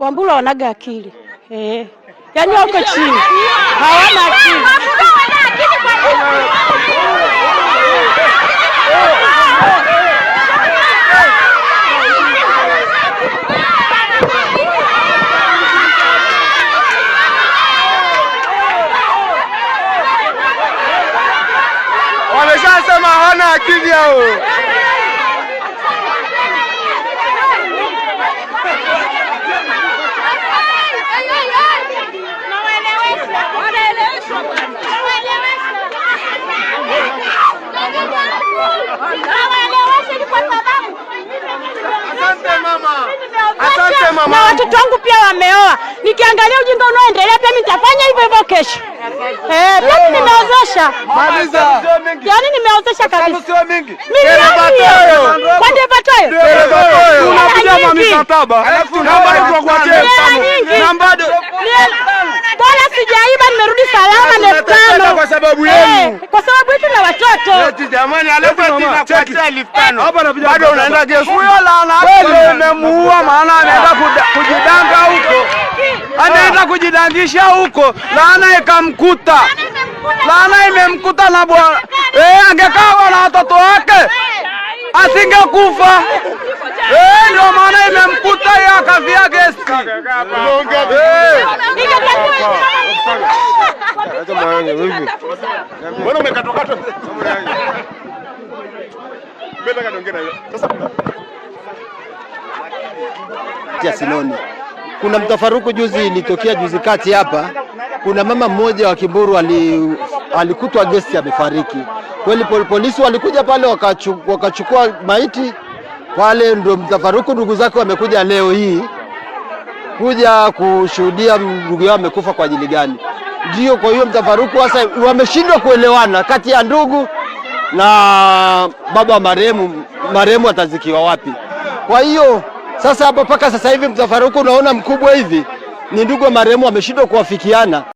wambula wanaga akili eh, yaani wako chini, hawana akili. Wameshasema hawana akili hao. mama na watoto wangu pia wameoa. Nikiangalia ujinga unaoendelea pia mimi nitafanya hivyo hivyo kesho. Eh, pia nimeozesha. Maliza. Yaani nimeozesha kabisa. Sio mingi. Kwa ndio batoyo. Unakuja mama mikataba. Alafu namba kwa Mimi ni tukuachie. sababu eh, yenu, kwa sababu yetu na watoto. Jamani, alafu tunakuatia elfu tano bado unaenda gesu Huyo laana imemuua, maana anaenda eh. kujidanga huko, eh. anaenda kujidangisha huko, laana ikamkuta, laana imemkuta na bwana. Eh, angekaa na watoto wake asingekufa. Eh, ndio maana imemkuta, akafia gesi kama Mbona umekatwa katwa? Mimi nataka niongee na Sasa Sinoni. Kuna mtafaruku juzi, ilitokea juzi kati hapa. Kuna mama mmoja wa Kimburu ali, alikutwa gesti amefariki. Kweli polisi walikuja pale wakachu, wakachukua maiti pale, ndo mtafaruku. Ndugu zake wamekuja leo hii kuja kushuhudia ndugu yao amekufa kwa ajili gani. Ndio, kwa hiyo mtafaruku sasa, wameshindwa kuelewana kati ya ndugu na baba wa marehemu. Marehemu atazikiwa wapi? Kwa hiyo sasa hapo, mpaka sasa hivi mtafaruku unaona mkubwa hivi, ni ndugu wa marehemu wameshindwa kuwafikiana.